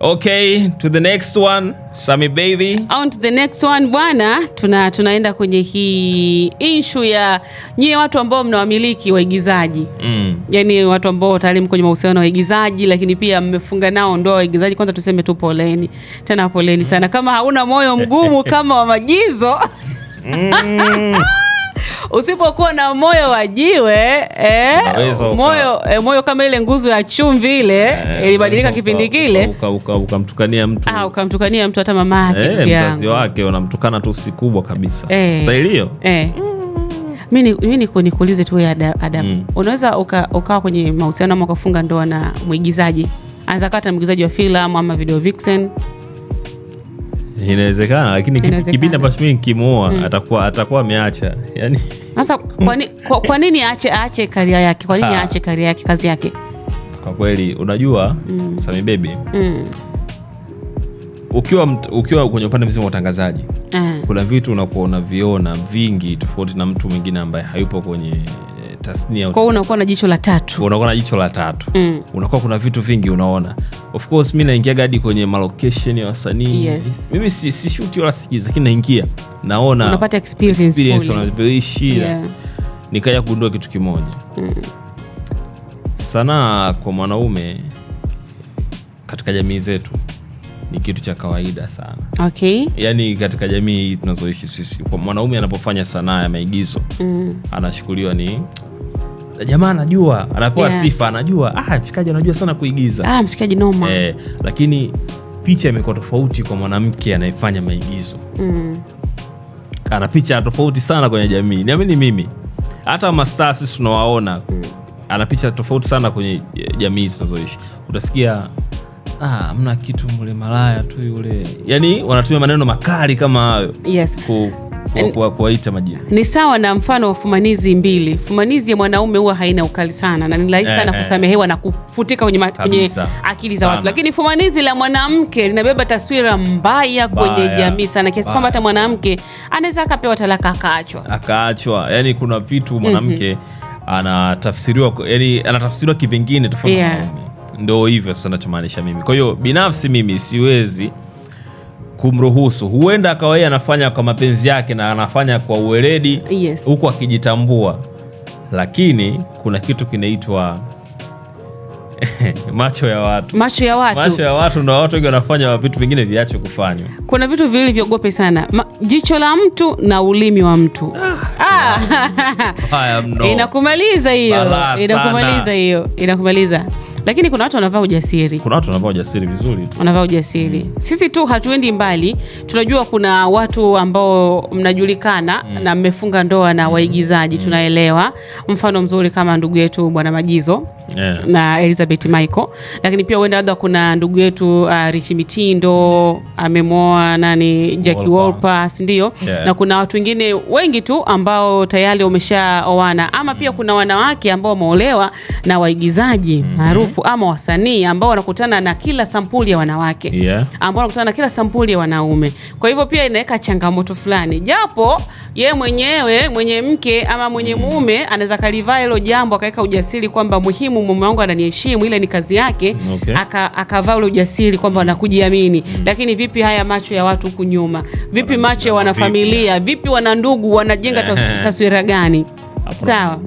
Okay, to the next one, Sammy baby. On to the next one bwana, tuna tunaenda kwenye hii issue ya nyie watu ambao mnawamiliki waigizaji mm. Yaani watu ambao tayari mko kwenye mahusiano na waigizaji, lakini pia mmefunga nao ndoa waigizaji. Kwanza tuseme tu poleni, tena poleni sana, kama hauna moyo mgumu kama wa Majizo mm usipokuwa na moyo wa jiwe eh, moyo, eh, moyo kama ile nguzo ya chumvi ile eh, ilibadilika kipindi kile ukamtukania uka, mtu ah, ukamtukania mtu hata mama yake eh, mzazi wake unamtukana tu si kubwa kabisa eh, staili hiyo eh. Mi nikuulize tu Adam mm. unaweza ukawa kwenye mahusiano ama ukafunga ndoa na mwigizaji, anaweza kawa mwigizaji wa filamu ama video vixen inawezekana, lakini kipindi ambacho mii nikimwoa mm. atakuwa atakuwa ameacha yani. Sasa kwa nini aache aache karia yake? Kwa nini ah. aache karia yake, kazi yake? Kwa kweli unajua mm. Sami bebi mm. Ukiwa, ukiwa kwenye upande mzima wa utangazaji eh. Kuna vitu unakuwa unaviona vingi tofauti na mtu mwingine ambaye hayupo kwenye eh, tasnia, unakuwa na jicho la tatu, unakuwa na jicho la tatu mm. Unakuwa kuna vitu vingi unaona Of course mi naingia gadi kwenye malocation ya wasanii yes. Mimi si, si shuti wala sikizi, lakini naingia naona unapata experience, experience wanavyoishi yeah. Nikaja kugundua kitu kimoja mm. Sanaa kwa mwanaume katika jamii zetu ni kitu cha kawaida sana okay. Yaani katika jamii hii tunazoishi sisi, kwa mwanaume anapofanya sanaa ya maigizo mm. Anachukuliwa ni jamaa anajua anapewa yeah. sifa anajua ah, mshikaji anajua sana kuigiza ah, mshikaji noma eh, lakini picha imekuwa tofauti kwa mwanamke anayefanya maigizo mm. ana picha tofauti sana kwenye jamii, niamini mimi, hata mastaa sisi tunawaona mm. ana picha tofauti sana kwenye jamii zinazoishi. Utasikia ah, kitu mule malaya tu yule, yani wanatumia maneno makali kama hayo yes. Yaani kuwaita majina ni sawa na mfano wa fumanizi mbili. Fumanizi ya mwanaume huwa haina ukali sana na ni rahisi sana kusamehewa na kufutika kwenye, kwenye akili za watu, lakini fumanizi la mwanamke linabeba taswira mbaya kwenye jamii sana kiasi kwamba hata mwanamke anaweza akapewa talaka akaachwa akaachwa. Yani kuna vitu mhm. mwanamke mm -hmm. anatafsiriwa yani anatafsiriwa kivingine tofauti yeah. Ndo hivyo sasa nachomaanisha mimi. Kwa hiyo binafsi mimi siwezi kumruhusu. Huenda akawa yeye anafanya kwa mapenzi yake na anafanya kwa uweledi yes, huku akijitambua, lakini kuna kitu kinaitwa macho ya watu, macho ya watu, macho ya watu ndo watu wengi wanafanya vitu vingine viache kufanywa Kuna vitu viwili vyogope sana Ma, jicho la mtu na ulimi wa mtu ah, ah. Inakumaliza hiyo, inakumaliza hiyo, inakumaliza lakini kuna watu wanavaa ujasiri, kuna watu wanavaa ujasiri vizuri tu, wanavaa ujasiri mm. Sisi tu hatuendi mbali, tunajua kuna watu ambao mnajulikana mm. na mmefunga ndoa na mm. waigizaji mm. tunaelewa. Mfano mzuri kama ndugu yetu Bwana Majizo na Elizabeth Michael, lakini pia huenda labda kuna ndugu yetu uh, Rich Mitindo amemwoa nani Jackie Wolper, si ndio? yeah. na kuna watu wengine wengi tu ambao tayari wameshaoana ama mm. pia kuna wanawake ambao wameolewa na waigizaji mm-hmm. maarufu mm -hmm. ama wasanii ambao wanakutana na kila sampuli ya wanawake yeah. ambao wanakutana na kila sampuli ya wanaume, kwa hivyo pia inaweka changamoto fulani, japo ye mwenyewe mwenye mke ama mwenye mm. mume anaweza kalivaa hilo jambo akaweka ujasiri kwamba muhimu aniheshimu, mume wangu ananiheshimu, ile ni kazi yake okay. Akavaa ule ujasiri kwamba nakujiamini mm. Lakini vipi haya macho ya watu huku nyuma, vipi macho ya wanafamilia, vipi wana ndugu, wanajenga taswira gani? Sawa,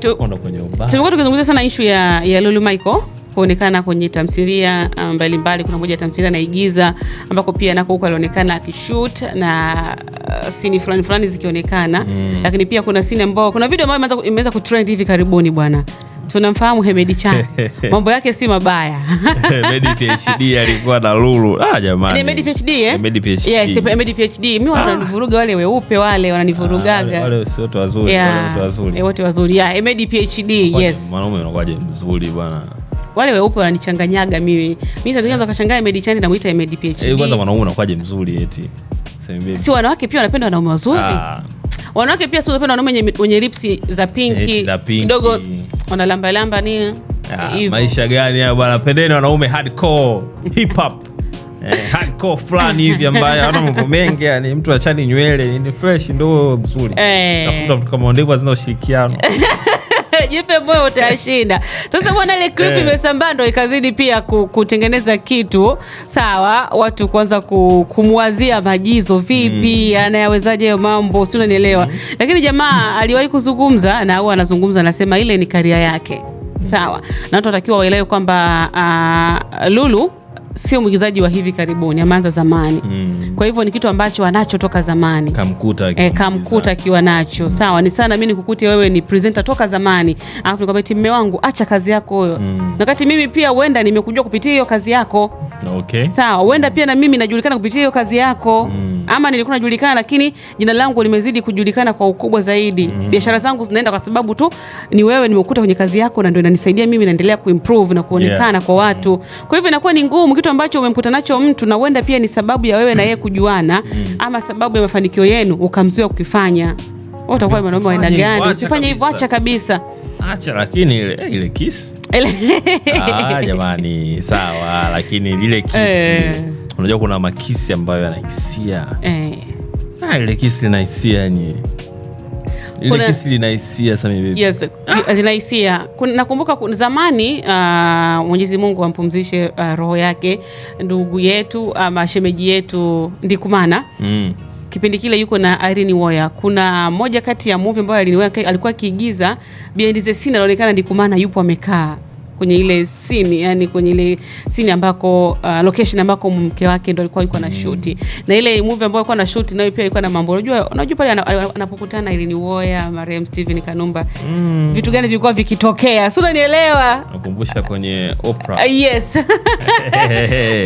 tumekuwa tukizungumzia sana ishu ya, ya Lulu Michael kuonekana kwenye tamthilia ah, mbalimbali mbali. Kuna moja ya tamthilia anaigiza ambako pia nako huko alionekana akishoot na uh, ah, sini fulani fulani zikionekana mm. Lakini pia kuna sini ambao kuna video ambayo imeweza kutrend hivi karibuni bwana tunamfahamu Hemedi Chan mambo yake si mabaya. Hemedi PhD alikuwa na lulu. Ah, jamani. Hemedi PhD eh? Hemedi PhD. Yes, Hemedi PhD. Mimi ah. wananivuruga wale weupe wale wananivurugaga. Ah, wale eh, wote wazuri, wale wazuri. Wote wazuri. Hemedi PhD. Yes. Mwanaume mzuri bwana. Wale weupe wananichanganyaga mimi. Mimi sasa nikaanza Hemedi Chan namuita Hemedi PhD. Eh, kwanza mwanaume mzuri eti? Si wanawake pia wanapenda wanaume wazuri. Ah. Wanawake pia si wanapenda wanaume wenye lipsi eh, za pinki kidogo wanalambalamba ni ya, maisha gani bwana? Pendeni wanaume hardcore hip hop eh, hardcore fulani hivi ambayo ana mambo mengi, yani mtu achani nywele ni fresh ndo mzuri, nafuta eh. mtu kama ndevu hazina ushirikiano jipe moyo utashinda. Sasa bwana, ile clip eh. imesambaa ndo ikazidi pia kutengeneza kitu sawa, watu kuanza kumwazia majizo, vipi mm. anayawezaje hayo mambo, si unanielewa? Mm-hmm. Lakini jamaa aliwahi kuzungumza na au anazungumza, anasema ile ni karia yake sawa, na watu watakiwa waelewe kwamba uh, Lulu sio mwigizaji wa hivi karibuni, ameanza zamani mm. Kwa hivyo ni kitu ambacho anacho toka zamani, kamkuta eh, akiwa e, kamkuta nacho. Sawa, ni sana mimi nikukute wewe ni presenter toka zamani, alafu nikwambia eti mme wangu acha kazi yako hiyo mm. Wakati mimi pia huenda nimekujua kupitia hiyo kazi yako okay. Sawa, huenda pia na mimi najulikana kupitia hiyo kazi yako mm mm. ama nilikuwa najulikana, lakini jina langu limezidi kujulikana kwa ukubwa zaidi mm. biashara zangu zinaenda kwa sababu tu ni wewe, nimekuta kwenye kazi yako na ndio inanisaidia mimi, naendelea kuimprove na kuonekana yeah. kwa mhm. watu. Kwa hivyo inakuwa ni ngumu, kitu ambacho umemkuta nacho mtu, na huenda pia ni sababu ya wewe na yeye kujuana mm. ama sababu ya mafanikio yenu ukamzuia kukifanya. Utakuwa ni mwanaume wa aina gani? Usifanye hivyo, acha kabisa. Acha lakini ile eh, ile kiss. Ah, jamani sawa, lakini ile kiss. Eh unajua kuna makisi ambayo yanahisia eh. Ah, ile kisi lina hisia yenyewe Yes, ah. Nakumbuka zamani uh, Mwenyezi Mungu ampumzishe uh, roho yake ndugu yetu ama ah, shemeji yetu Ndikumana mm. Kipindi kile yuko na Irene Uwoya. Kuna moja kati ya movie ambayo alikuwa akiigiza behind the scene, Ndikumana yupo amekaa kwenye ile sini, yani kwenye ile sini ambako uh, location ambako mke wake ndo alikuwa yuko na mm. shoot mm. na ile movie ambayo alikuwa na shoot nayo pia ilikuwa na mambo, unajua unajua pale anapokutana ile ni Woya Mariam Steven Kanumba mm. vitu gani vilikuwa vikitokea, si unanielewa? Nakumbusha kwenye Oprah uh, yes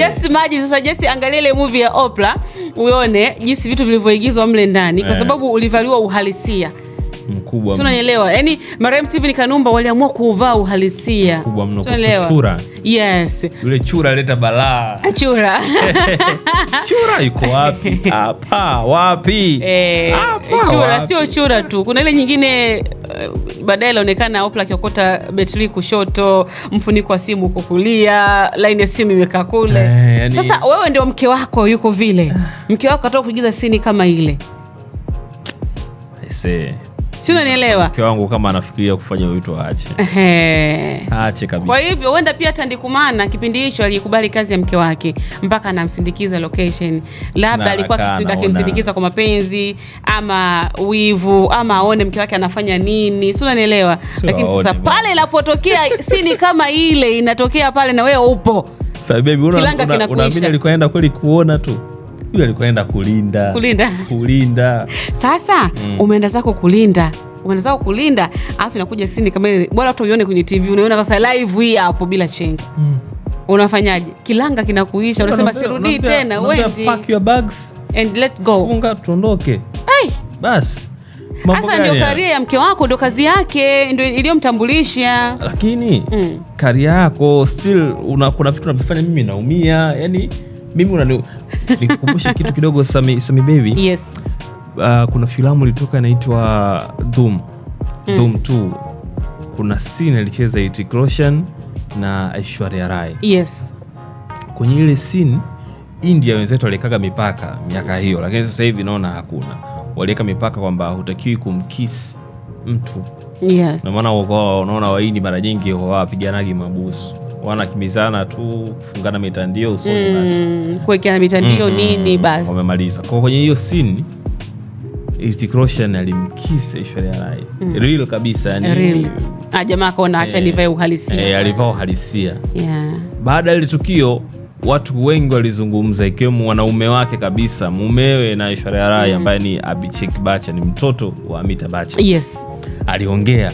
just imagine sasa, just angalia ile movie ya Oprah uone jinsi vitu vilivyoigizwa mle ndani, kwa eh. sababu ulivaliwa uhalisia mkubwa. Unanielewa? Yaani marehemu Stephen Kanumba waliamua kuuvaa uhalisia. Mkubwa mno kusura. Yes. Yule chura leta balaa. Ah, chura. Chura yuko wapi? Hapa, wapi? Eh, Hapa, chura Sio chura tu. Kuna ile nyingine eh, baadaye ilionekana Opla akiokota betri kushoto, mfuniko wa simu uko kulia, laini ya simu imekaa kule. Eh, yani... Sasa wewe ndio mke wako yuko vile. Ah. Mke wako atoka kuigiza sini kama ile si unanielewa? Mke wangu kama anafikiria kufanya wito aache, aache kabisa. Kwa hivyo huenda pia Tandikumana kipindi hicho alikubali kazi ya mke wake mpaka anamsindikiza location, labda alikuwa akimsindikiza kwa mapenzi ama wivu ama aone mke wake anafanya nini, si unanielewa? Lakini sasa pale inapotokea sini kama ile inatokea pale na wewe upo, unaamini alikuwa kweli kuona tu yule alikuwa anaenda kulinda kulinda kulinda. Sasa mm. umeenda zako kulinda umeenda zako kulinda, alafu inakuja sini kama ile, bora watu uione kwenye TV, unaona kasa live hii hapo bila chenga mm. Unafanyaje? Kilanga kinakuisha, unasema sirudi tena, wendi pack your bags and let go, funga tuondoke. Ai basi sasa ndio karia ya mke wako, ndio kazi yake, ndio iliyomtambulisha. Lakini mm. karia yako still una, kuna vitu unavifanya, mimi naumia yani mimi nikukumbusha kitu kidogo Sami, Sami Yes. Uh, kuna filamu ilitoka inaitwa Doom. Mm. t Kuna scene alicheza Hrithik na aishwaria Rai. Yes. Kwenye ile sin India wenzetu waliekaga mipaka miaka hiyo, lakini sasa hivi naona hakuna. Waliweka mipaka kwamba hutakiwi kumkisi mtu. Yes. Ndio unaona waini mara nyingi wawapiganagi mabusu wanakimbizana tu kufungana mitandio usoni, mm, basi kuwekeana mitandio mm, nini, mm, basi wamemaliza. Kwa kwenye hiyo sini Rick alimkisa Aishwarya Rai mm. real kabisa yani real. Ah, jamaa akaona acha eh, nivae uhalisia eh, alivaa uhalisia yeah. Baada ya ile tukio watu wengi walizungumza, ikiwemo wanaume wake kabisa, mumewe na Aishwarya Rai mm. ambaye ni Abhishek Bachchan, ni mtoto wa Amitabh Bachchan. Yes, aliongea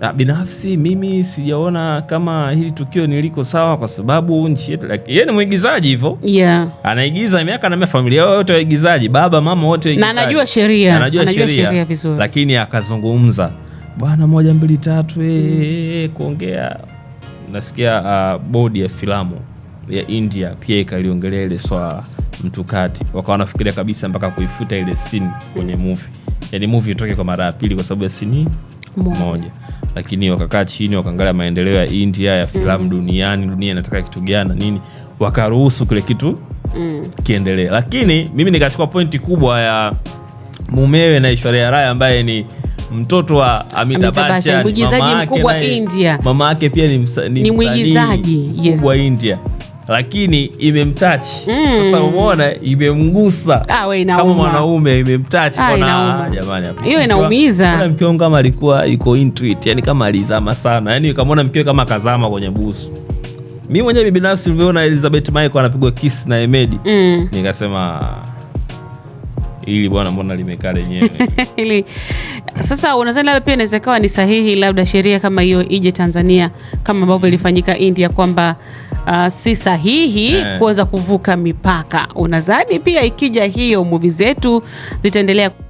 Ah, binafsi mimi sijaona kama hili tukio niliko sawa, kwa sababu nchi yetu like, yeye ni mwigizaji hivyo yeah. Anaigiza miaka na familia yote waigizaji, baba mama wote na anajua sheria, anajua, sheria vizuri, lakini akazungumza bwana moja mbili tatu eh, mm. Eh, eh, kuongea nasikia uh, bodi ya filamu ya India pia ikaliongelea ile swala mtukati, wakawa wanafikiria kabisa mpaka kuifuta ile scene kwenye mm. movie, yani movie itoke kwa mara ya pili kwa sababu ya scene moja lakini wakakaa chini wakaangalia maendeleo ya India ya filamu duniani, dunia inataka kitu gani nini, wakaruhusu kile kitu mm. kiendelee. Lakini mimi nikachukua pointi kubwa ya mumewe na ishwaria Rai ambaye ni mtoto wa Amitabh mkubwa India. Mama yake pia ni, ni, ni mwigizaji yes. kubwa India lakini mm. sasa, mm. umeona, imemgusa ah, kama mwanaume, imemtach. Ah, na jamani, hiyo inaumiza mkeo. Kama alikuwa iko intwit, yani kama alizama sana, yani ukamwona mkeo kama kazama kwenye busu. Mi mwenyewe binafsi nilivyoona Elizabeth Michael anapigwa kiss na Emedi mm. nikasema hili bwana, mbona limekaa lenyewe sasa. unazani labda pia inaweza ikawa ni sahihi, labda sheria kama hiyo ije Tanzania kama ambavyo ilifanyika India kwamba uh, si sahihi yeah, kuweza kuvuka mipaka. Unadhani pia ikija hiyo muvi zetu zitaendelea